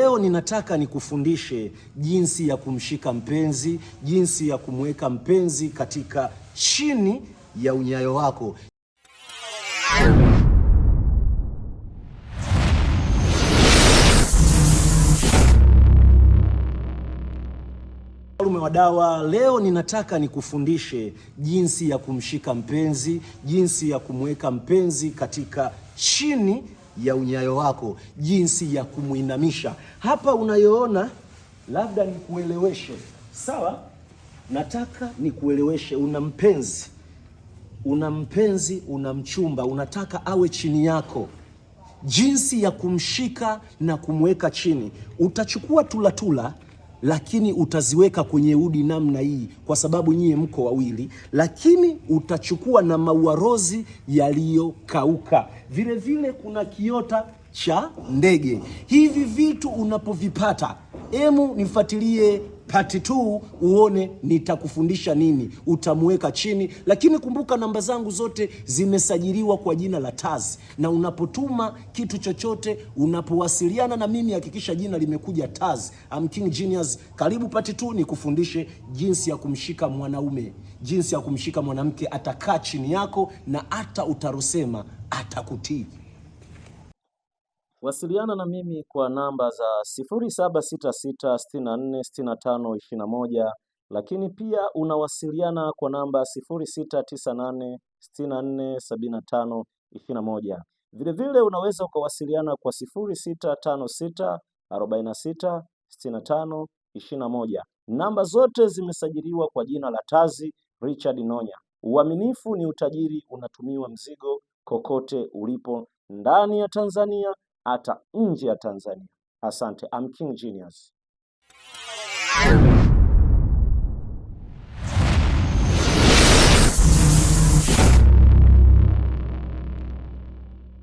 Leo ninataka nikufundishe jinsi ya kumshika mpenzi, jinsi ya kumweka mpenzi katika chini ya unyayo wako. Mfalme wa dawa, leo ninataka nikufundishe jinsi ya kumshika mpenzi, jinsi ya kumweka mpenzi katika chini ya unyayo wako, jinsi ya kumwinamisha. Hapa unayoona, labda nikueleweshe, sawa? Nataka nikueleweshe, una mpenzi, una mpenzi, una mchumba, unataka awe chini yako jinsi ya kumshika na kumweka chini, utachukua tulatula tula, lakini utaziweka kwenye udi namna hii, kwa sababu nyie mko wawili, lakini utachukua na maua rozi yaliyokauka. Vile vile kuna kiota cha ndege. Hivi vitu unapovipata, emu nifuatilie pati tu uone nitakufundisha nini, utamweka chini, lakini kumbuka namba zangu zote zimesajiliwa kwa jina la Taz, na unapotuma kitu chochote, unapowasiliana na mimi hakikisha jina limekuja Taz. I'm King Genius. Karibu pati tu nikufundishe jinsi ya kumshika mwanaume, jinsi ya kumshika mwanamke, atakaa chini yako na hata utarosema atakutii. Wasiliana na mimi kwa namba za 0766646521 lakini pia unawasiliana kwa namba 0698647521. Vilevile unaweza ukawasiliana kwa 0656466521. Namba zote zimesajiliwa kwa jina la Tazi Richard Nonya. Uaminifu ni utajiri, unatumiwa mzigo kokote ulipo ndani ya Tanzania hata nje ya Tanzania. Asante. I'm King Genius.